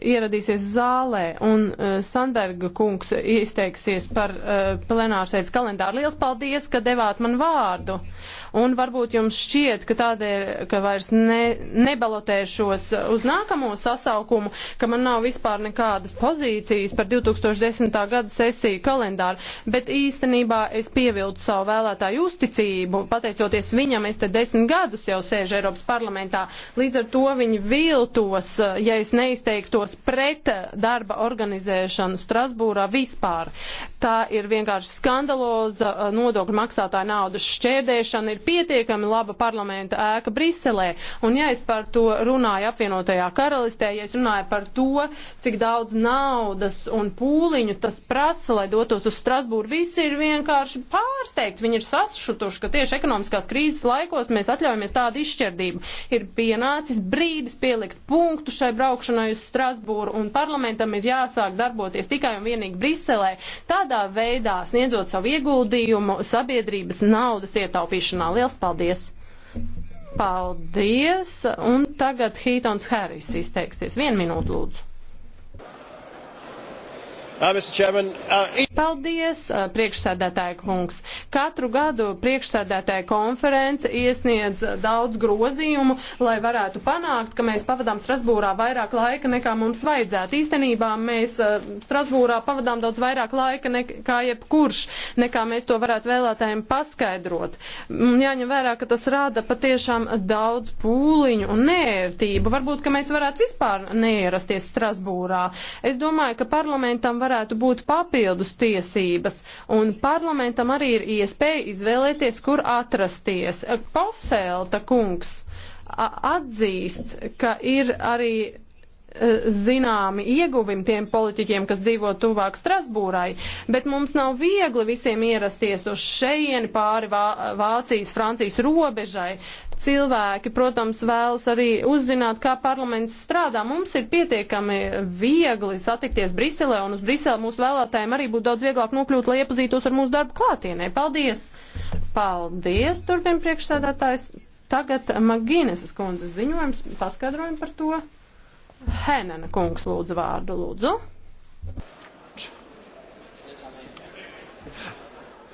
ieradīsies zālē un uh, Sandberga kungs izteiksies par uh, plenārsēdes kalendāru. Liels paldies, ka devāt man vārdu. Un varbūt jums šķiet, ka tādēļ, ka vairs ne, nebalotēšos uz nākamo sasaukumu, ka man nav vispār nekādas pozīcijas par 2010. gada sesiju kalendāru, bet īstenībā es pievildu savu vēlētāju uzticību. Pateicoties viņam, es te desmit gadus jau sēžu Eiropas parlamentā. Līdz ar to viņi viltos, eh, ja es neizteiktos vērsos pret darba organizēšanu Strasbūrā vispār tā ir vienkārši skandaloza uh, nodokļu maksātāja naudas šķērdēšana, ir pietiekami laba parlamenta ēka Briselē. Un ja es par to runāju apvienotajā karalistē, ja es runāju par to, cik daudz naudas un pūliņu tas prasa, lai dotos uz Strasbūru, visi ir vienkārši pārsteigti. Viņi ir sasšutuši, ka tieši ekonomiskās krīzes laikos mēs atļaujamies tādu izšķirdību. Ir pienācis brīdis pielikt punktu šai braukšanai uz Strasbūru un parlamentam ir jāsāk darboties tikai un vienīgi Briselē. Tad tādā veidā sniedzot savu ieguldījumu sabiedrības naudas ietaupīšanā. Liels paldies! Paldies! Un tagad Hītons Harris izteiksies. Vienu minūtu lūdzu. Uh, uh, e- Paldies, uh, priekšsēdētāja kungs. Katru gadu priekšsēdētāja konference iesniedz daudz grozījumu, lai varētu panākt, ka mēs pavadām Strasbūrā vairāk laika nekā mums vajadzētu. Īstenībā mēs Strasbūrā pavadām daudz vairāk laika nekā jebkurš, nekā mēs to varētu vēlētājiem paskaidrot. Mm, jāņem vērā, ka tas rada patiešām daudz pūliņu un nērtību. Varbūt, ka mēs varētu vispār neierasties Strasbūrā. Es domāju, ka parlamentam var varētu būt papildus tiesības, un parlamentam arī ir iespēja izvēlēties, kur atrasties. Posēlta kungs atzīst, ka ir arī e, zināmi ieguvumi tiem politiķiem, kas dzīvo tuvāk Strasbūrai, bet mums nav viegli visiem ierasties uz šeieni pāri Vācijas, Francijas robežai. Cilvēki, protams, vēlas arī uzzināt, kā parlaments strādā. Mums ir pietiekami viegli satikties Briselē, un uz Briseli mūsu vēlētājiem arī būtu daudz vieglāk nokļūt, lai iepazītos ar mūsu darbu klātienē. Paldies! Paldies, turpin priekšsēdētājs. Tagad Magīneses kundzes ziņojums, paskaidrojumi par to. Henena kungs lūdzu vārdu, lūdzu.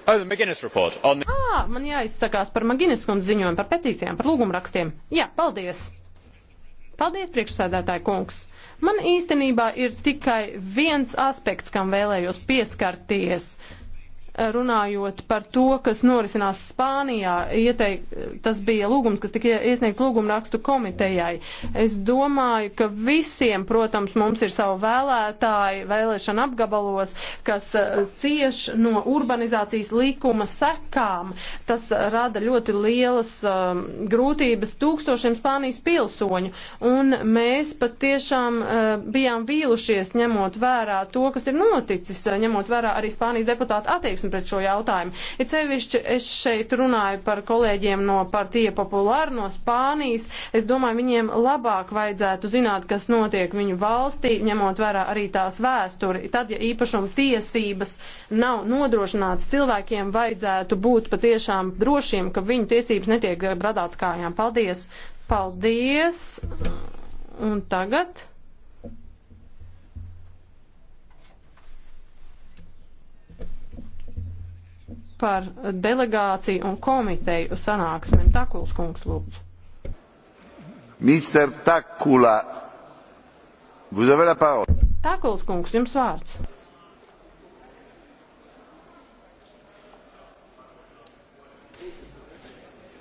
Oh, the McGuinness report on the... Ah, man jāizsakās par McGuinness kundu ziņojumu par petīcijām, par lūgumrakstiem. Jā, paldies. Paldies, priekšsēdētāji kungs. Man īstenībā ir tikai viens aspekts, kam vēlējos pieskarties. Uh, runājot par to, kas norisinās Spānijā, ieteik, tas bija lūgums, kas tika iesniegts lūguma rakstu komitejai. Es domāju, ka visiem, protams, mums ir savu vēlētāju vēlēšana apgabalos, kas uh, cieš no urbanizācijas likuma sekām. Tas rada ļoti lielas um, grūtības tūkstošiem Spānijas pilsoņu. Un mēs pat tiešām uh, bijām vīlušies, ņemot vērā to, kas ir noticis, uh, ņemot vērā arī Spānijas deputāta attieksmi attieksmi pret šo jautājumu. Ir sevišķi es šeit runāju par kolēģiem no partija populāra, no Spānijas. Es domāju, viņiem labāk vajadzētu zināt, kas notiek viņu valstī, ņemot vērā arī tās vēsturi. Tad, ja īpašuma tiesības nav nodrošināts, cilvēkiem vajadzētu būt patiešām drošiem, ka viņu tiesības netiek bradāts kājām. Paldies! Paldies! Un tagad. par delegāciju un komiteju sanāksmēm. Takuls kungs, lūdzu. Mr. Takula, vous avez la parole. Takuls kungs, jums vārds.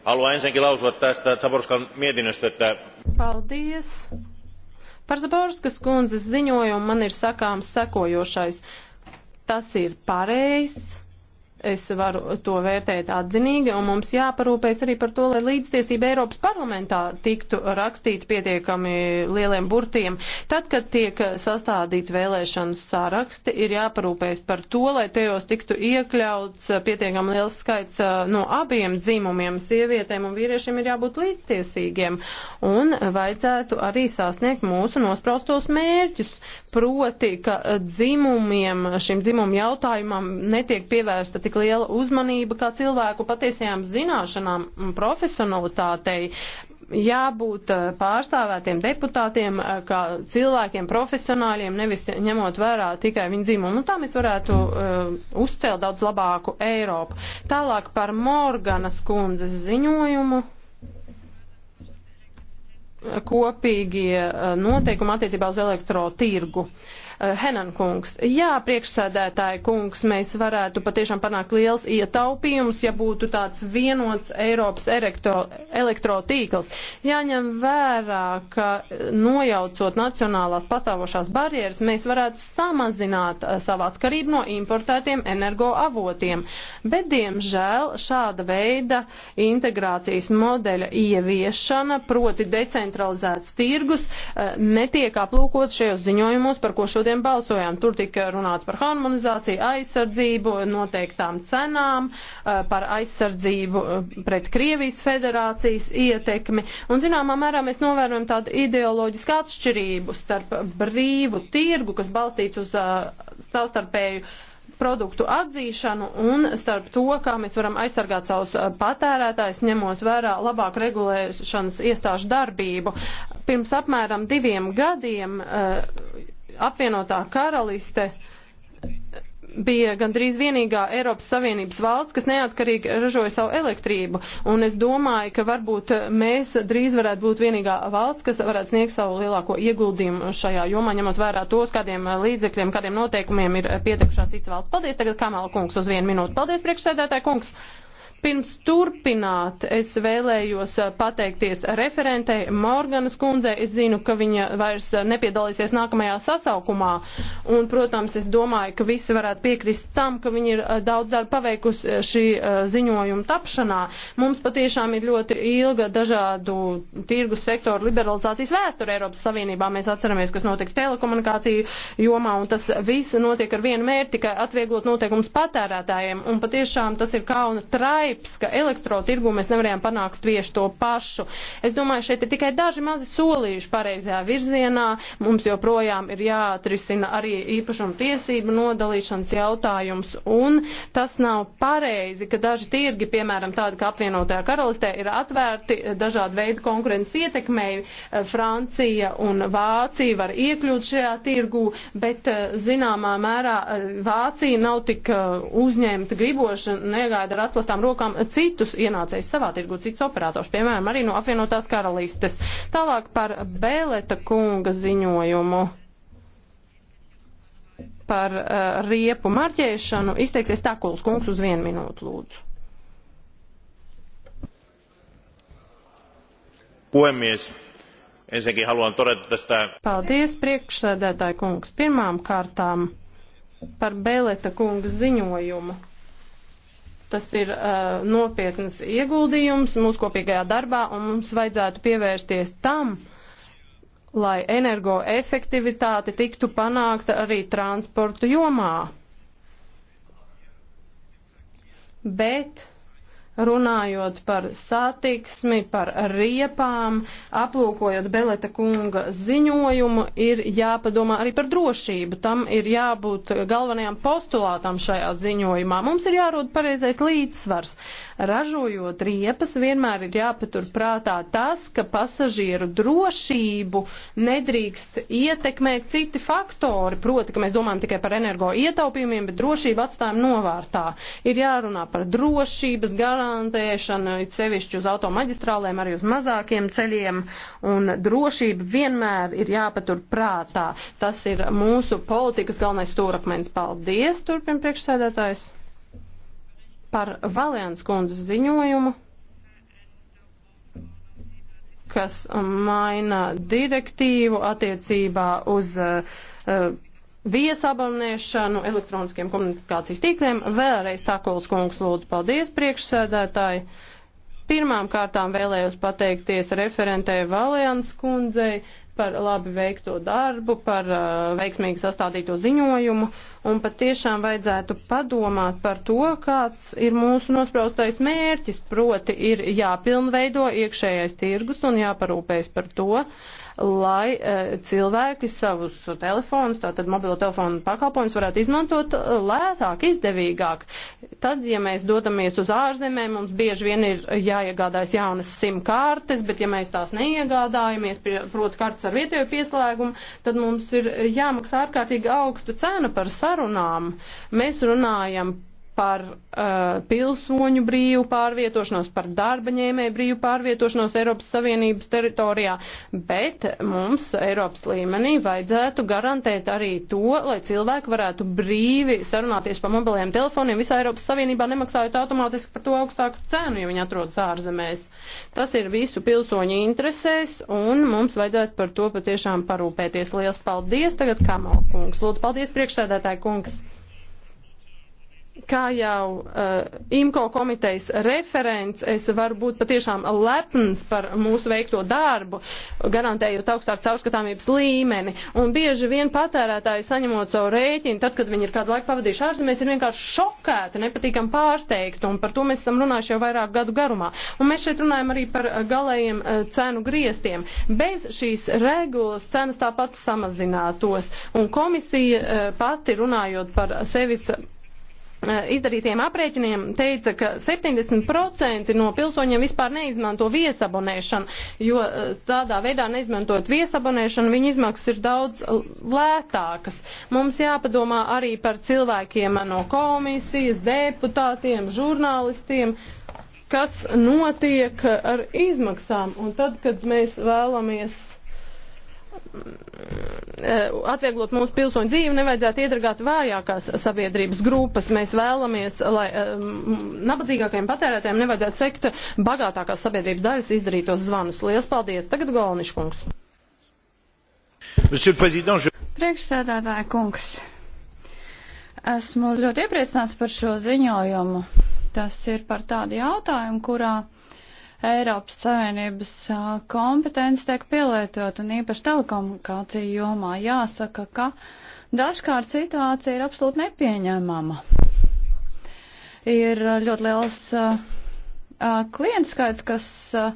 Haluan ensinnäkin lausua tästä Zaborskan mietinnöstä, että... Paldies. Par Zaborskas kundzes ziņojumu man ir sakāms sekojošais. Tas ir pareizs es varu to vērtēt atzinīgi, un mums jāparūpēs arī par to, lai līdztiesība Eiropas parlamentā tiktu rakstīta pietiekami lieliem burtiem. Tad, kad tiek sastādīts vēlēšanu saraksti, ir jāparūpēs par to, lai tajos tiktu iekļauts pietiekami liels skaits uh, no abiem dzimumiem. Sievietēm un vīriešiem ir jābūt līdztiesīgiem, un vajadzētu arī sasniegt mūsu nospraustos mērķus. Proti, ka uh, dzimumiem, šim dzimumu jautājumam netiek pievērsta tik tik liela uzmanība kā cilvēku patiesajām zināšanām un profesionalitātei jābūt eh, pārstāvētiem deputātiem, eh, kā cilvēkiem, profesionāļiem, nevis ņemot vērā tikai viņu dzīvumu. Un nu, tā mēs varētu uh, uzcelt daudz labāku Eiropu. Tālāk par Morganas kundzes ziņojumu kopīgie noteikumi attiecībā uz elektrotirgu. Uh, Eh, Henan kungs. Jā, priekšsēdētāji kungs, mēs varētu patiešām panākt liels ietaupījums, ja būtu tāds vienots Eiropas elektro, elektrotīkls. Jāņem vērā, ka nojaucot nacionālās pastāvošās barjeras, mēs varētu samazināt eh, savu atkarību no importētiem energoavotiem. Bet, diemžēl, šāda veida integrācijas modeļa ieviešana, proti decentralizēts tirgus, eh, netiek aplūkots šajos ziņojumos, par ko šodien šodien balsojām. Tur tika runāts par harmonizāciju, aizsardzību, noteiktām cenām, eh, par aizsardzību eh, pret Krievijas federācijas ietekmi. Un, zināmā mērā, mēs novērojam tādu ideoloģisku atšķirību starp brīvu tirgu, kas balstīts uz eh, savstarpēju produktu atzīšanu un starp to, kā mēs varam aizsargāt savus patērētājus, ņemot vērā labāk regulēšanas iestāžu darbību. Pirms apmēram diviem gadiem uh, apvienotā karaliste bija gandrīz vienīgā Eiropas Savienības valsts, kas neatkarīgi ražoja savu elektrību. Un es domāju, ka varbūt mēs drīz varētu būt vienīgā valsts, kas varētu sniegt savu lielāko ieguldījumu šajā jomā, ņemot vērā tos, kādiem līdzekļiem, kādiem noteikumiem ir pietekušā cits valsts. Paldies tagad Kamala kungs uz vienu minūtu. Paldies priekšsēdētāji kungs. Pirms turpināt, es vēlējos uh, pateikties referentei Morganas kundzei. Es zinu, ka viņa vairs uh, nepiedalīsies nākamajā sasaukumā. Un, protams, es domāju, ka visi varētu piekrist tam, ka viņi ir uh, daudz darba paveikusi šī ziņojuma tapšanā. Mums patiešām ir ļoti ilga dažādu tirgus sektoru liberalizācijas vēsture Eiropas Savienībā. Mēs atceramies, kas notika telekomunikāciju jomā, un tas viss notiek ar vienu mērķi, tikai atvieglot noteikumus patērētājiem. Un patiešām tas ir kauna trai šaipes, ka elektrotirgu mēs nevarējām panākt tieši to pašu. Es domāju, šeit ir tikai daži mazi solījuši pareizajā virzienā. Mums joprojām ir jāatrisina arī īpašuma tiesību nodalīšanas jautājums. Un tas nav pareizi, ka daži tirgi, piemēram, tādi kā apvienotajā karalistē, ir atvērti dažādu veidu konkurences ietekmēji. Eh, Francija un Vācija var iekļūt šajā tirgu, bet eh, zināmā mērā eh, Vācija nav tik uzņemta griboša, negaida ar atklāstām rokām izvilkām citus ienācējus savā tirgu, citus operators, piemēram, arī no apvienotās karalistes. Tālāk par Bēleta kunga ziņojumu par uh, riepu marķēšanu izteiksies Takuls kungs uz vienu minūtu lūdzu. Puhemies. Ensinnäkin haluan todeta tästä... Paldies, priekšsēdētāji kungs. Pirmām kārtām par Beleta kungas ziņojumu tas ir uh, nopietnas ieguldījums mūsu kopīgajā darbā, un mums vajadzētu pievērsties tam, lai energoefektivitāte tiktu panākta arī transporta jomā. Bet runājot par satiksmi, par riepām, aplūkojot Beleta kunga ziņojumu, ir jāpadomā arī par drošību. Tam ir jābūt galvenajām postulātām šajā ziņojumā. Mums ir jārod pareizais līdzsvars. Ražojot riepas, vienmēr ir jāpatur prātā tas, ka pasažieru drošību nedrīkst ietekmēt citi faktori. Proti, ka mēs domājam tikai par energo ietaupījumiem, bet drošību atstājam novārtā. Ir jārunā par drošības garantiju garantēšana, it sevišķi uz automaģistrālēm, arī uz mazākiem ceļiem, un drošība vienmēr ir jāpatur prātā. Tas ir mūsu politikas galvenais stūrakmens. Paldies, turpin priekšsēdētājs, par Valians kundzes ziņojumu kas maina direktīvu attiecībā uz uh, viesabonēšanu elektroniskiem komunikācijas tīkliem. Vēlreiz Takols kungs lūdzu paldies priekšsēdētāji. Pirmām kārtām vēlējos pateikties referentē Valjans kundzei par labi veikto darbu, par uh, veiksmīgi sastādīto ziņojumu un pat tiešām vajadzētu padomāt par to, kāds ir mūsu nospraustais mērķis, proti ir jāpilnveido iekšējais tirgus un jāparūpējas par to, uh, lai eh, cilvēki savus telefonus, tātad mobilo telefonu pakalpojumus varētu izmantot eh, lētāk, izdevīgāk. Tad, ja mēs dodamies uz ārzemēm, mums bieži vien ir jāiegādājas jaunas SIM kartes, bet ja mēs tās neiegādājamies, proti kartes ar vietējo pieslēgumu, tad mums ir jāmaksā ārkārtīgi augsta cena par sarunām. Mēs runājam par uh, pilsoņu brīvu pārvietošanos, par darba ņēmēju brīvu pārvietošanos Eiropas Savienības teritorijā, bet mums Eiropas līmenī vajadzētu garantēt arī to, lai cilvēki varētu brīvi sarunāties pa mobiliem telefoniem visā Eiropas Savienībā, nemaksājot automātiski par to augstāku cenu, ja viņi atrodas ārzemēs. Tas ir visu pilsoņu interesēs, un mums vajadzētu par to patiešām parūpēties. Liels paldies! Tagad Kamal kungs. Lūdzu, paldies priekšsēdētāji kungs! kā jau uh, IMCO komitejas referents, es varu būt patiešām lepns par mūsu veikto darbu, garantējot augstāku caurskatāmības līmeni. Un bieži vien patērētāji saņemot savu rēķinu, tad, kad viņi ir kādu laiku pavadījuši ārzemēs, ir vienkārši šokēti, nepatīkam pārsteigti, un par to mēs esam runājuši jau vairāk gadu garumā. Un mēs šeit runājam arī par eh, galējiem uh, cenu griestiem. Bez šīs regulas cenas tāpat samazinātos, un komisija uh, pati runājot par sevis Eh, izdarītiem aprēķiniem teica, ka 70% no pilsoņiem vispār neizmanto viesabonēšanu, jo eh, tādā veidā neizmantojot viesabonēšanu, viņa izmaksas ir daudz lētākas. Mums jāpadomā arī par cilvēkiem no komisijas, deputātiem, žurnālistiem kas notiek ar izmaksām, un tad, kad mēs vēlamies Mm, eh, atvieglot mūsu pilsoņu dzīvi, nevajadzētu iedragāt vājākās sabiedrības grupas. Mēs vēlamies, lai eh, nabadzīgākajiem patērētājiem nevajadzētu sekt bagātākās sabiedrības daļas izdarītos zvanus. Lielas paldies! Tagad Golniškungs. Priekšsēdētāja kungs, esmu ļoti iepriecināts par šo ziņojumu. Tas ir par tādu jautājumu, kurā Eiropas Savienības kompetence tiek pielietot un īpaši telekomunikāciju jomā jāsaka, ka dažkārt situācija ir absolūti nepieņemama. Ir ļoti liels uh, klients skaits, kas uh,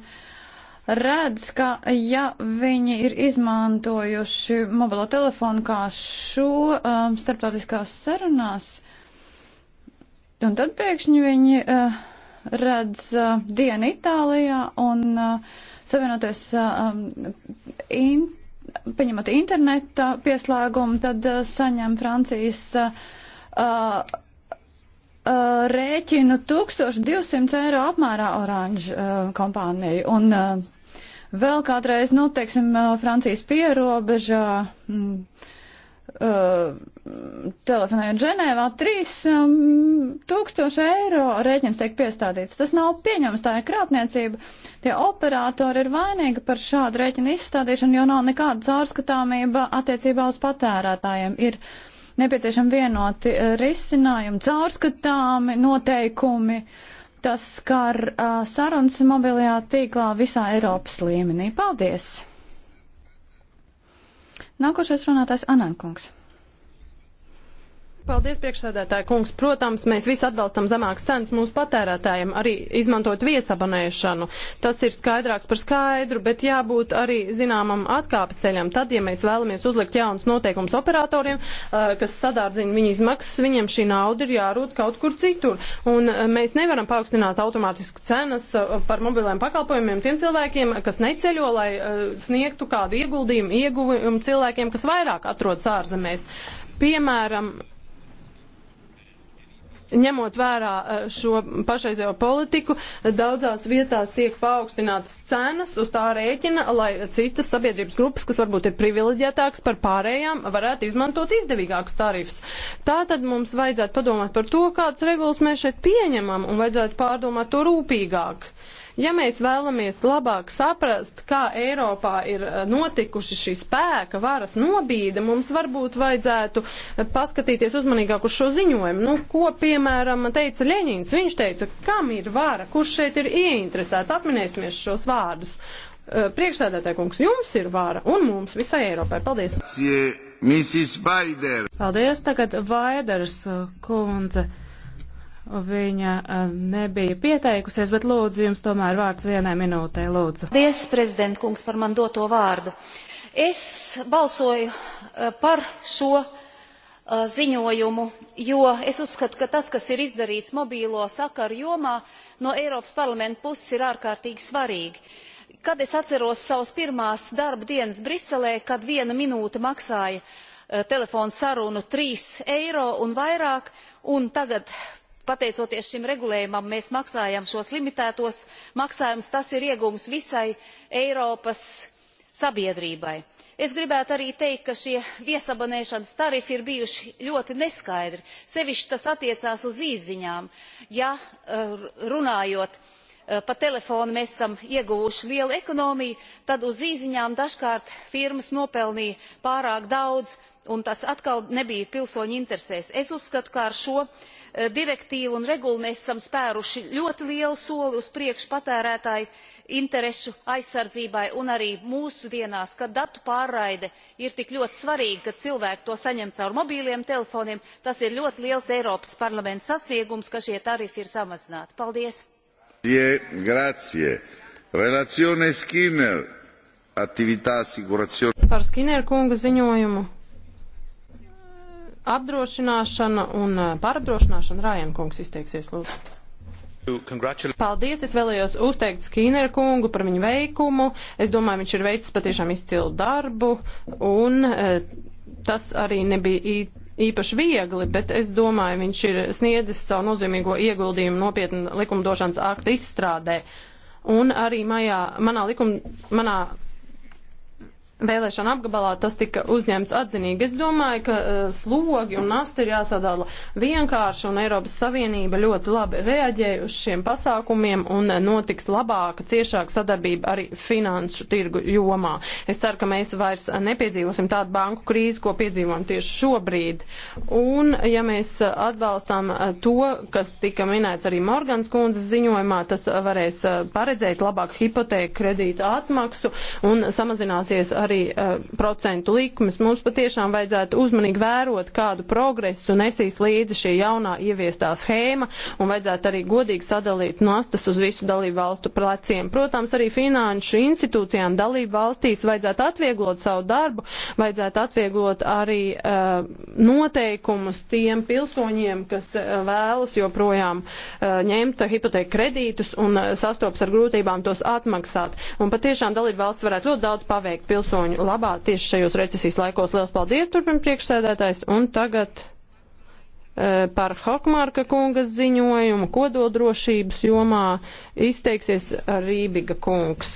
redz, ka ja viņi ir izmantojuši mobilo telefonu kā šo um, starptautiskās sarunās, un tad pēkšņi viņi uh, redz uh, dienu Itālijā un uh, savienoties uh, in, paņemot interneta pieslēgumu, tad uh, saņem Francijas uh, uh, rēķinu 1200 eiro apmērā oranžu uh, kompāniju. Un, uh, Vēl kādreiz, nu, teiksim, Francijas pierobežā, mm, Uh, telefonējot Ženēvā, 3000 um, eiro rēķins tiek piestādīts. Tas nav pieņems, tā ir krāpniecība. Tie operatori ir vainīgi par šādu rēķinu izstādīšanu, jo nav nekāda caurskatāmība attiecībā uz patērētājiem. Ir nepieciešami vienoti uh, risinājumi, caurskatāmi noteikumi. Tas skar uh, sarunas mobilajā tīklā visā Eiropas līmenī. Paldies! Nākošais runātājs Anankungs. Paldies, priekšsēdētāji kungs. Protams, mēs visi atbalstam zemākas cenas mūsu patērētājiem, arī izmantot viesabonēšanu. Tas ir skaidrāks par skaidru, bet jābūt arī zināmam atkāpes ceļam. Tad, ja mēs vēlamies uzlikt jaunus noteikumus operatoriem, eh, kas sadārdzina viņu izmaksas, viņiem šī nauda ir jārūt kaut kur citur. Un eh, mēs nevaram paaugstināt automātiski cenas eh, par mobiliem pakalpojumiem tiem cilvēkiem, kas neceļo, lai sniegtu kādu ieguldījumu, ieguvumu cilvēkiem, kas vairāk atrodas ārzemēs. Piemēram, ņemot vērā e, šo pašreizējo politiku, daudzās vietās tiek paaugstinātas cenas uz tā rēķina, lai citas sabiedrības grupas, kas varbūt ir privileģētākas par pārējām, varētu izmantot izdevīgākus tarifus. Tātad mums vajadzētu padomāt par to, kādas regulas mēs šeit pieņemam, un vajadzētu pārdomāt to rūpīgāk. Ja mēs vēlamies labāk saprast, kā Eiropā ir eh, notikuši šī spēka varas nobīde, mums varbūt vajadzētu eh, paskatīties uzmanīgāk uz šo ziņojumu. Nu, ko, piemēram, teica Ļeņins? Viņš teica, kam ir vara, kurš šeit ir ieinteresēts. Atminēsimies šos vārdus. Eh, Priekšsēdētāji kungs, jums ir vara un mums visai Eiropai. Paldies! Mrs. Baider. Paldies, tagad Vaiders kundze. Viņa nebija pieteikusies, bet lūdzu jums tomēr vārds vienai minūtē, lūdzu. Paldies, prezident kungs, par man doto vārdu. Es balsoju par šo ziņojumu, jo es uzskatu, ka tas, kas ir izdarīts mobīlo sakaru jomā, no Eiropas parlamenta puses ir ārkārtīgi svarīgi kad es atceros savas pirmās darba dienas briselē kad viena minūte maksāja uh, telefona sarunu trīs eiro un vairāk un tagad pateicoties šim regulējumam mēs maksājam šos limitētos maksājumus tas ir ieguvums visai eiropas sabiedrībai. es gribētu arī teikt ka šie viesabonēšanas tarifi ir bijuši ļoti neskaidri sevišķi tas attiecās uz īsziņām ja eh, runājot eh, pa telefonu mēs esam ieguvuši lielu ekonomiju tad uz īsziņām dažkārt firmas nopelnīja pārāk daudz un tas atkal nebija pilsoņu interesēs. es uzskatu ka ar šo eh, direktīvu un regulu mēs esam spēruši ļoti lielu soli uz priekšu patērētāju interešu aizsardzībai un arī mūsdienās kad datu pārraide ir tik ļoti svarīga ka cilvēki to saņem caur mobiliem telefoniem tas ir ļoti liels eiropas parlamenta sasniegums ka šie tarifi ir samazināti. paldies! Grazie, grazie. Relazione Skinner, attività assicurazione. Par Skinner kunga ziņojumu apdrošināšana un eh, pārapdrošināšana. Rājana kungs izteiksies, lūdzu. Paldies, es vēlējos uzteikt Skīneru kungu par viņu veikumu. Es domāju, viņš ir veicis patiešām izcilu darbu, un e, tas arī nebija īpaši viegli, bet es domāju, viņš ir sniedzis savu nozīmīgo ieguldījumu nopietnu likumdošanas aktu izstrādē. Un arī majā, manā, likum, manā vēlēšana apgabalā tas tika uzņemts atzinīgi. Es domāju, ka uh, slogi un nasti ir jāsadala vienkārši, un Eiropas Savienība ļoti labi reaģēja uz šiem pasākumiem, un uh, notiks labāka, ciešāka sadarbība arī finanšu tirgu jomā. Es ceru, ka mēs vairs nepiedzīvosim tādu banku krīzi, ko piedzīvojam tieši šobrīd. Un, ja mēs atbalstām uh, to, kas tika minēts arī Morgans kundzes ziņojumā, tas varēs uh, paredzēt labāku hipotēku kredītu atmaksu un samazināsies arī arī uh, procentu likmes. Mums patiešām vajadzētu uzmanīgi vērot, kādu progresu nesīs līdzi šī jaunā ieviestā schēma, un vajadzētu arī godīgi sadalīt nastas uz visu dalību valstu pleciem. Protams, arī finanšu institūcijām dalību valstīs vajadzētu atvieglot savu darbu, vajadzētu atvieglot arī uh, noteikumus tiem pilsoņiem, kas uh, vēlas joprojām uh, ņemt hipoteku kredītus un uh, sastopas ar grūtībām tos atmaksāt. Un patiešām dalību valsts varētu ļoti daudz paveikt pilsoņu pilsoņu labā tieši šajos recesijas laikos. Liels paldies, turpin priekšsēdētājs, un tagad e, par Hokmārka kungas ziņojumu kododrošības jomā izteiksies Rībiga kungs.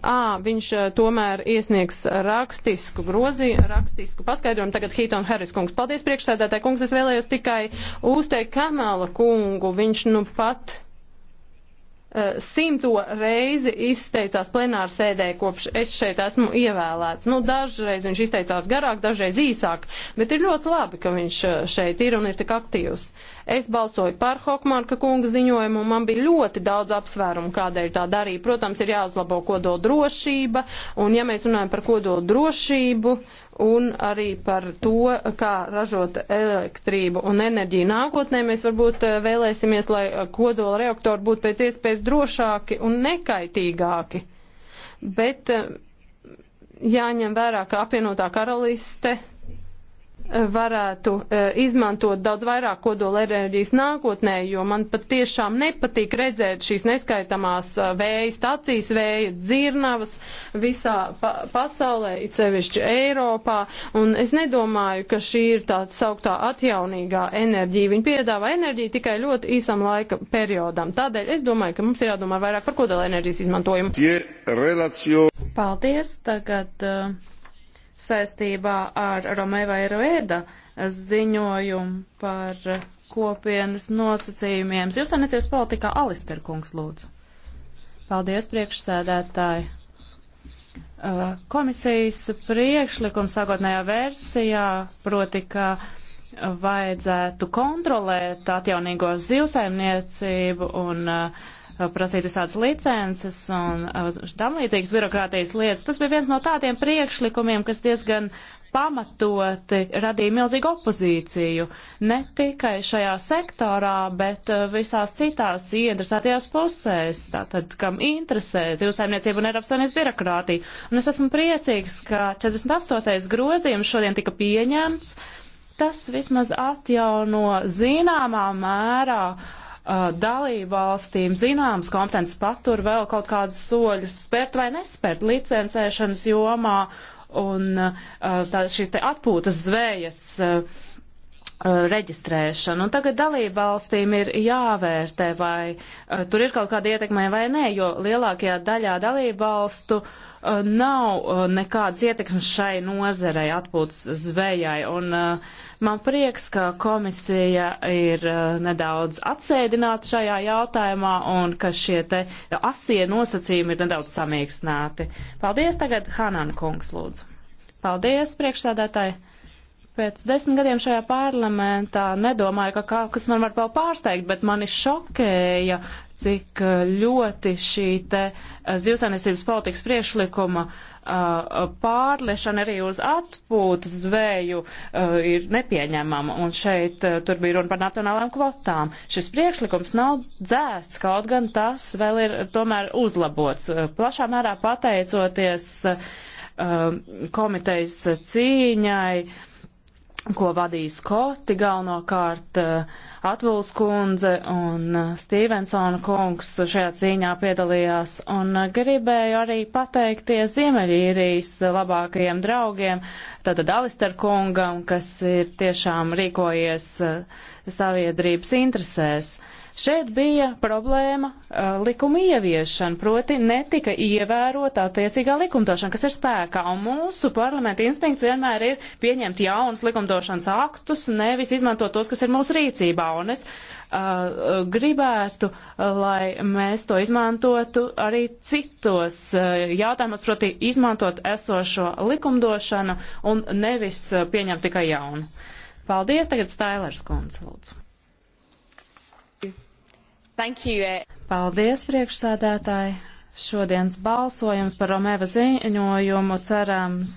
À, viņš e, tomēr iesniegs rakstisku grozi, rakstisku paskaidrojumu. Tagad Hīton Harris kungs. Paldies priekšsēdētāji kungs, es vēlējos tikai uzteikt Kamala kungu. Viņš nu pat Eh, simto reizi izteicās plenāra sēdē, kopš es šeit esmu ievēlēts. Nu, dažreiz viņš izteicās garāk, dažreiz īsāk, bet ir ļoti labi, ka viņš eh, šeit ir un ir tik aktīvs. Uh, Es balsoju par Hokmārka kunga ziņojumu, un man bija ļoti daudz apsvērumu, kādēļ tā darīja. Protams, ir jāuzlabo kodola drošība, un ja mēs runājam par kodola drošību, un arī par to, kā ražot elektrību un enerģiju nākotnē, mēs varbūt eh, vēlēsimies, lai eh, kodola reaktori būtu pēc iespējas drošāki un nekaitīgāki. Bet eh, jāņem vērā, ka apvienotā karaliste varētu e, izmantot daudz vairāk kodolenerģijas nākotnē, jo man pat tiešām nepatīk redzēt šīs neskaitamās e, vēja stacijas, vēja dzirnavas visā pa pasaulē, it sevišķi Eiropā, un es nedomāju, ka šī ir tā sauktā atjaunīgā enerģija. Viņa piedāvā enerģiju tikai ļoti īsam laika periodam. Tādēļ es domāju, ka mums ir jādomā vairāk par kodolenerģijas izmantojumu. Paldies, tagad. Uh saistībā ar Romeva Eroēda ziņojumu par kopienas nosacījumiem. Zivsainiecības politikā Alister kungs lūdzu. Paldies, priekšsēdētāji. Komisijas priekšlikums sākotnējā versijā, proti, ka vajadzētu kontrolēt atjaunīgo zivsaimniecību un uh, Uh, prasīt visādas licences un uh, tam līdzīgas birokrātijas lietas. Tas bija viens no tādiem priekšlikumiem, kas diezgan pamatoti radīja milzīgu opozīciju ne tikai šajā sektorā, bet uh, visās citās iedresētajās pusēs, tātad, kam interesē zivsaimniecība un Eiropas Savienības birokrātija. Un es esmu priecīgs, ka 48. grozījums šodien tika pieņemts. Tas vismaz atjauno zināmā mērā uh, Uh, dalību valstīm zināmas kompetences patur vēl kaut kādus soļus spērt vai nespērt licencēšanas jomā un uh, tā, šīs te atpūtas zvējas uh, reģistrēšanu. Un tagad dalība valstīm ir jāvērtē, vai uh, tur ir kaut kāda ietekmē vai nē, jo lielākajā daļā dalība valstu uh, nav uh, nekādas ietekmes šai nozarei atpūtas zvejai. Un uh, Man prieks, ka komisija ir uh, nedaudz atsēdināta šajā jautājumā un ka šie te asie nosacījumi ir nedaudz samīkstināti. Paldies tagad Hanan kungs lūdzu. Paldies priekšsādātāji. Pēc desmit gadiem šajā parlamentā nedomāju, ka kaut kas man var vēl pārsteigt, bet mani šokēja, cik uh, ļoti šī te uh, zivsainicības politikas priešlikuma uh, Uh, pārlešana arī uz atpūtas zvēju uh, ir nepieņemama, un šeit uh, tur bija runa par nacionālām kvotām. Šis priekšlikums nav dzēsts, kaut gan tas vēl ir tomēr uzlabots, plašā mērā pateicoties komitejas cīņai ko vadīja Skoti galvenokārt eh, Atvuls kundze un eh, Stevensona kungs šajā cīņā piedalījās. Un eh, gribēju arī pateikties Ziemeļīrijas labākajiem draugiem, tātad Alister kungam, kas ir tiešām rīkojies saviedrības interesēs. Uh, Šeit bija problēma uh, likuma ieviešana, proti netika ievērota attiecīgā likumdošana, kas ir spēkā, un mūsu parlamenta instinkts vienmēr ir pieņemt jaunus likumdošanas aktus, nevis izmantot tos, kas ir mūsu rīcībā, un es uh, gribētu, uh, lai mēs to izmantotu arī citos uh, jautājumos, proti izmantot esošo likumdošanu un nevis uh, pieņemt tikai jaunu. Paldies, tagad Stailers kundze, lūdzu. Eh. Paldies, priekšsēdētāji! Šodienas balsojums par Romēva ziņojumu cerams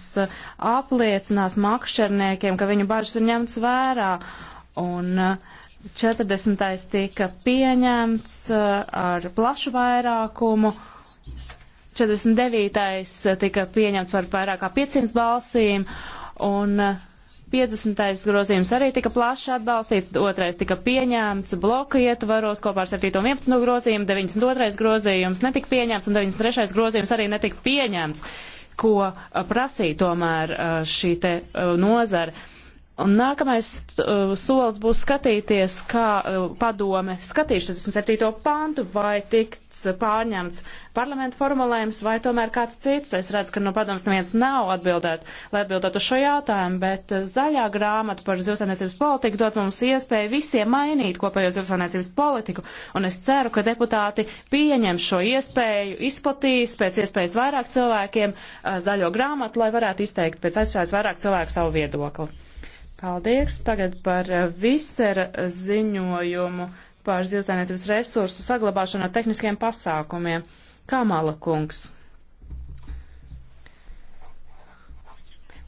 apliecinās makšķerniekiem, ka viņu bažas ir ņemts vērā. Un 40. Eh, tika pieņemts eh, ar plašu vairākumu. 49. tika pieņemts par vairāk kā 500 balsīm. Un 50. grozījums arī tika plaši atbalstīts, otrais tika pieņemts bloka ietvaros kopā ar 7. un 11. grozījumu, 92. grozījums netika pieņemts un 93. grozījums arī netika pieņemts, ko prasīja tomēr šī te nozara. Un nākamais uh, solis būs skatīties, kā uh, padome skatīs 47. pantu, vai tiks pārņemts parlamenta formulējums, vai tomēr kāds cits. Es redzu, ka no padomas neviens nav atbildēt, lai atbildētu uz šo jautājumu, bet uh, zaļā grāmata par zivsainiecības politiku dot mums iespēju visiem mainīt kopējo zivsainiecības politiku, un es ceru, ka deputāti pieņem šo iespēju, izplatīs pēc iespējas vairāk cilvēkiem uh, zaļo grāmatu, lai varētu izteikt pēc aizspējas vairāk cilvēku savu viedokli. Paldies. Tagad par eh, visera ziņojumu par zivsainiecības resursu saglabāšanu ar tehniskiem pasākumiem. Kamala kungs.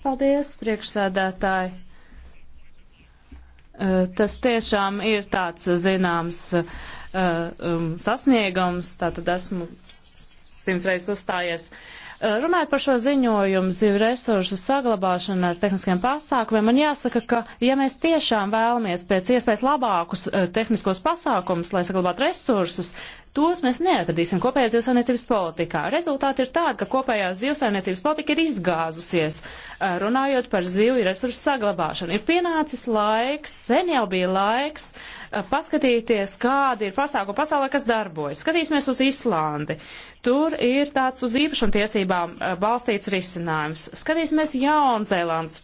Paldies, priekšsēdētāji. Eh, tas tiešām ir tāds zināms eh, um, sasniegums, tātad esmu simts reizes uzstājies uh, Runājot par šo ziņojumu, zivju resursu saglabāšanu ar tehniskiem pasākumiem, man jāsaka, ka ja mēs tiešām vēlamies pēc iespējas labākus tehniskos pasākumus, lai saglabātu resursus, tos mēs neatradīsim kopējās zivsainiecības politikā. Rezultāti ir tādi, ka kopējā zivsainiecības politika ir izgāzusies. Runājot par zivju resursu saglabāšanu, ir pienācis laiks, sen jau bija laiks paskatīties, kādi ir pasākumi pasaulē, kas darbojas. Skatīsimies uz Islandi. Uh, Tur ir tāds uz īpašumtiesībām eh, balstīts risinājums. Skatīsimies Jaunzēlands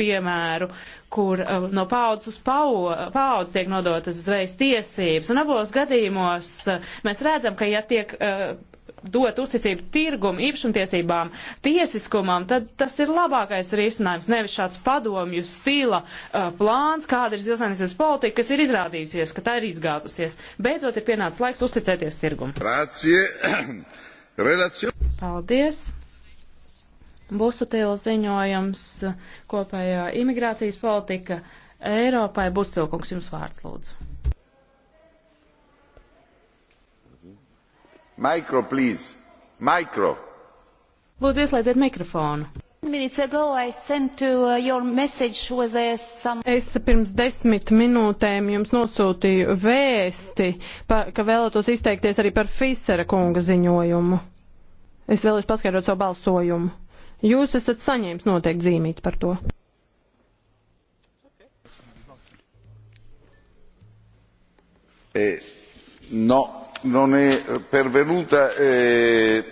piemēru, kur eh, no paudzes uz paudzes tiek nodotas zvejas tiesības. Un abos gadījumos eh, mēs redzam, ka ja tiek dot uzticību tirgumu, īpašumtiesībām, tiesiskumam, tad tas ir labākais risinājums, nevis šāds padomju stila uh, plāns, kāda ir zilsainības politika, kas ir izrādījusies, ka tā ir izgāzusies. Beidzot ir pienācis laiks uzticēties tirgumu. Paldies! Busutila ziņojums kopējā imigrācijas politika Eiropai. Bustilkungs, jums vārds lūdzu. Micro, please. Micro. Lūdzu, ieslēdziet mikrofonu. Uh, uh, some... Es pirms desmit minūtēm jums nosūtīju vēsti, pa, ka vēlētos izteikties arī par Fisera kunga ziņojumu. Es vēlos paskaidrot savu balsojumu. Jūs esat saņēmis noteikti zīmīti par to. Okay. Eh, no non è eh, pervenuta. Eh...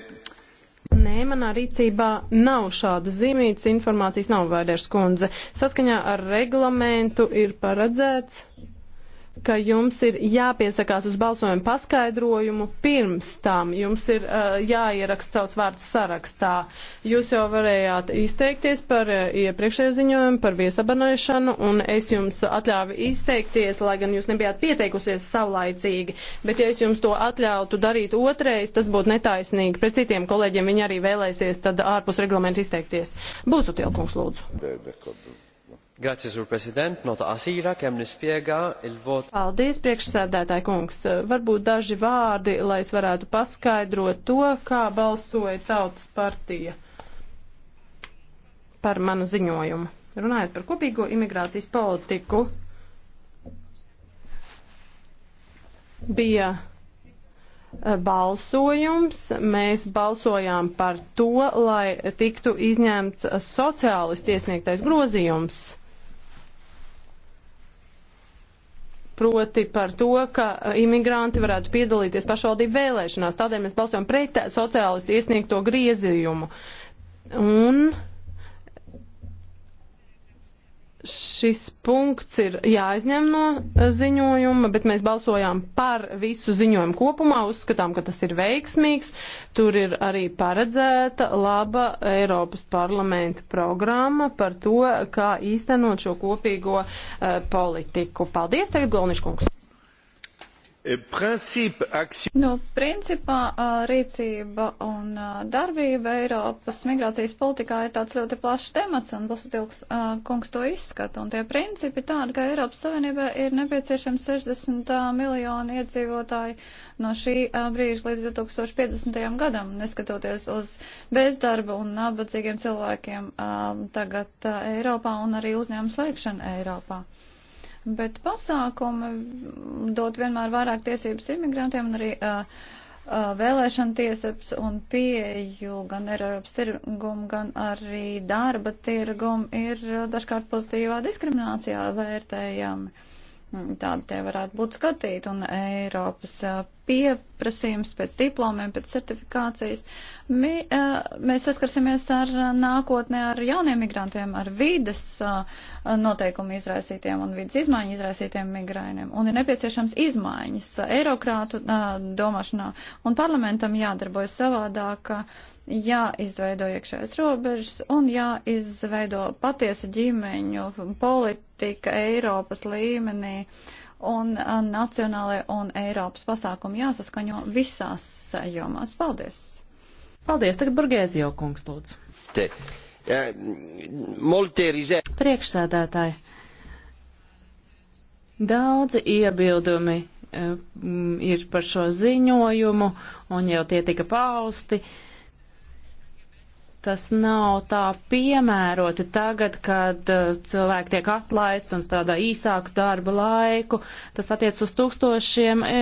Nē, manā rīcībā nav šādas zīmītas informācijas, nav Vaiders kundze. Saskaņā ar reglamentu ir paredzēts ka jums ir jāpiesakās uz balsojumu paskaidrojumu pirms tam. Jums ir uh, jāieraksta savs vārds sarakstā. Jūs jau varējāt izteikties par uh, iepriekšējo ziņojumu, par viesabanēšanu, un es jums atļāvu izteikties, lai gan jūs nebijāt pieteikusies savlaicīgi. Bet ja es jums to atļautu darīt otrais, tas būtu netaisnīgi. Pret citiem kolēģiem viņi arī vēlēsies tad ārpus reglamentu izteikties. Būsu tilkums, lūdzu. De, de, Grazie, Sur President, nota asīra, kem nispiegā il vot. Paldies, priekšsēdētāji kungs. Varbūt daži vārdi, lai es varētu paskaidrot to, kā balsoja tautas partija par manu ziņojumu. Runājot par kopīgo imigrācijas politiku, bija eh, balsojums. Mēs balsojām par to, lai tiktu izņemts sociālisti iesniegtais grozījums. proti par to, ka e, imigranti varētu piedalīties pašvaldību vēlēšanās. Tādēļ mēs balsojam pret sociālistu iesniegto griezījumu. Un šis punkts ir jāizņem no ziņojuma, bet mēs balsojām par visu ziņojumu kopumā, uzskatām, ka tas ir veiksmīgs. Tur ir arī paredzēta laba Eiropas parlamenta programma par to, kā īstenot šo kopīgo uh, politiku. Paldies, tagad Golniškungs principa akcija. Nu, principā rīcība un darbība Eiropas migrācijas politikā ir tāds ļoti plašs temats, un Busatilks kungs to izskata. Un tie principi tādi, ka Eiropas Savienībā ir nepieciešams 60 miljoni iedzīvotāji no šī brīža līdz 2050. gadam, neskatoties uz bezdarba un nabadzīgiem cilvēkiem tagad Eiropā un arī uzņēmums slēgšanu Eiropā bet pasākumi dod vienmēr vairāk tiesības imigrantiem un arī uh, uh, vēlēšana tiesības un pieju gan Eiropas tirgumu, gan arī darba tirgumu ir dažkārt pozitīvā diskriminācijā vērtējami. Tādi tie varētu būt skatīti un Eiropas pieprasījums pēc diplomiem, pēc certifikācijas. Mi, uh, mēs saskarsimies ar eh, nākotnē ar jauniem migrantiem, ar vides uh, noteikumu izraisītiem un vides izmaiņu izraisītiem migrēniem. Un ir nepieciešams izmaiņas eirokrātu uh, domāšanā. Un parlamentam jādarbojas savādāk. Uh, jāizveido iekšējais robežas un jāizveido patiesa ģimeņu politika Eiropas līmenī un nacionālajie un Eiropas pasākumi jāsaskaņo visās jomās. Paldies! Paldies! Tagad Burgēzio kungs lūdzu. Te, uh, Priekšsēdētāji, daudzi iebildumi uh, ir par šo ziņojumu, un jau tie tika pausti. Uh, tas nav tā piemēroti tagad, kad uh, cilvēki tiek atlaisti un strādā īsāku darba laiku. Tas attiec uz tūkstošiem e,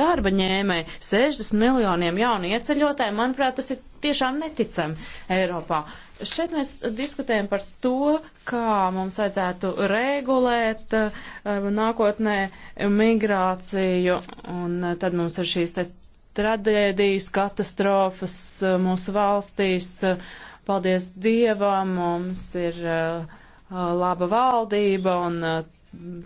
darba ņēmēji, 60 miljoniem jaunu ieceļotāju. Manuprāt, tas ir tiešām neticami Eiropā. Šeit mēs diskutējam par to, kā mums vajadzētu regulēt uh, nākotnē migrāciju, un uh, tad mums ir šīs te traģēdijas, katastrofas eh, mūsu valstīs. Eh, paldies Dievam, mums ir eh, laba valdība un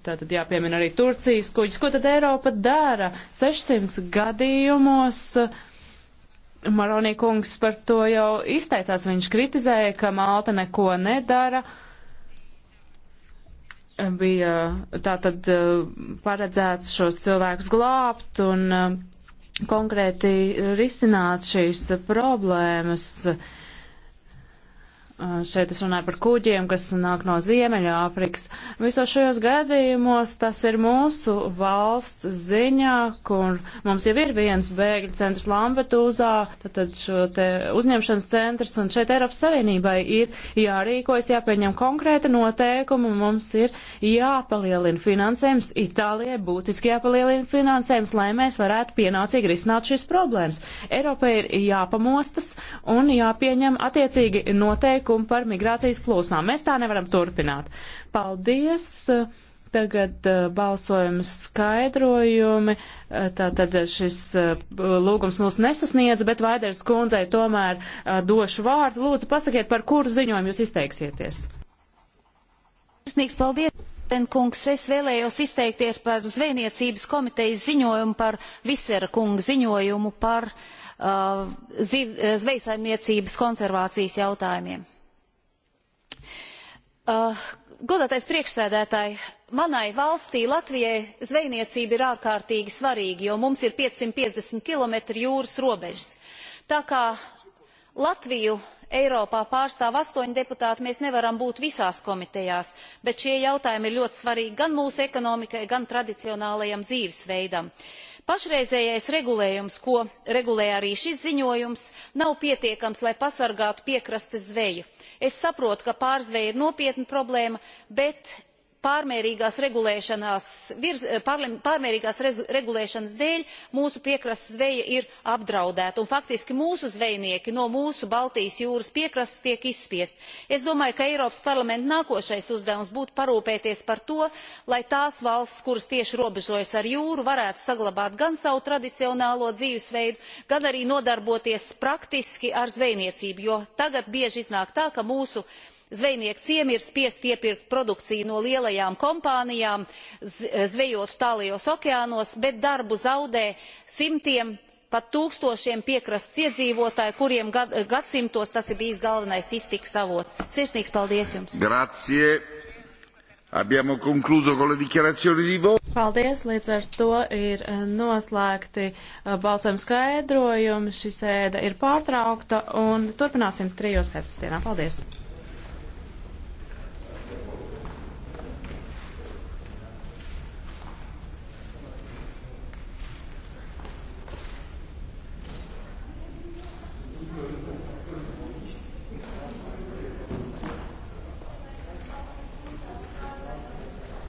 tātad jāpiemina arī Turcijas kuģis. Ko tad Eiropa dara? 600 gadījumos Maronī kungs par to jau izteicās. Viņš kritizēja, ka Malta neko nedara bija tātad paredzēts šos cilvēkus glābt, un konkrēti risināt šīs problēmas. Uh, Uh, šeit es runāju par kuģiem, kas nāk no Ziemeļāfrikas. Visos šajos gadījumos tas ir mūsu valsts ziņā, kur mums jau ir viens bēgļu centrs Lambetūzā, tad šo te uzņemšanas centrs, un šeit Eiropas Savienībai ir jārīkojas, jāpieņem konkrēta noteikuma, un mums ir jāpalielina finansējums, Itālijai būtiski jāpalielina finansējums, lai mēs varētu pienācīgi risināt šīs problēmas. Eiropai ir jāpamostas un jāpieņem attiecīgi noteikumi priekšlikumu par migrācijas plūsmām. Mēs tā nevaram turpināt. Paldies! Tagad uh, balsojuma skaidrojumi. Uh, tātad šis uh, lūgums mūs nesasniedz, bet Vaiders kundzei tomēr došu vārdu. Lūdzu, pasakiet, par kuru ziņojumu jūs izteiksieties. Sirsnīgs paldies! Kungs, es vēlējos izteikties par zvejniecības komitejas ziņojumu par Visera kunga ziņojumu par uh, ziv, zvejasaimniecības konservācijas jautājumiem. Uh, godātais priekšsēdētāj manai valstī latvijai zvejniecība ir ārkārtīgi svarīga jo mums ir piecsimt piecdesmit km jūras robežas. tā kā latviju eiropā pārstāv astoņi deputāti mēs nevaram būt visās komitejās bet šie jautājumi ir ļoti svarīgi gan mūsu ekonomikai gan tradicionālajam dzīvesveidam pašreizējais regulējums ko regulē arī šis ziņojums nav pietiekams lai pasargātu piekrastes zveju. es saprotu ka pārzveja ir nopietna problēma bet pārmērīgās regulēšanās, virz, eh, pār, pārmērīgās rezu, regulēšanas dēļ mūsu piekrastes zveja ir apdraudēta un faktiski mūsu zvejnieki no mūsu Baltijas jūras piekrastes tiek izspiest. Es domāju, ka Eiropas parlamenta nākošais uzdevums būtu parūpēties par to, lai tās valsts, kuras tieši robežojas ar jūru, varētu saglabāt gan savu tradicionālo dzīvesveidu, gan arī nodarboties praktiski ar zvejniecību, jo tagad bieži iznāk tā, ka mūsu uh, zvejnieku ciemi ir spiesti iepirkt produkciju no lielajām kompānijām eh, zvejot tālajos okeānos bet darbu zaudē simtiem pat tūkstošiem piekrastes iedzīvotāju kuriem gad, eh, gadsimtos tas ir bijis galvenais iztikas avots. Sirsnīgs paldies jums! Grazie. Abbiamo concluso con le dichiarazioni di voto. Paldies, līdz ar to ir eh, noslēgti balsojuma skaidrojumi. Šī sēde ir pārtraukta un turpināsim trijos pēcpusdienā. Paldies!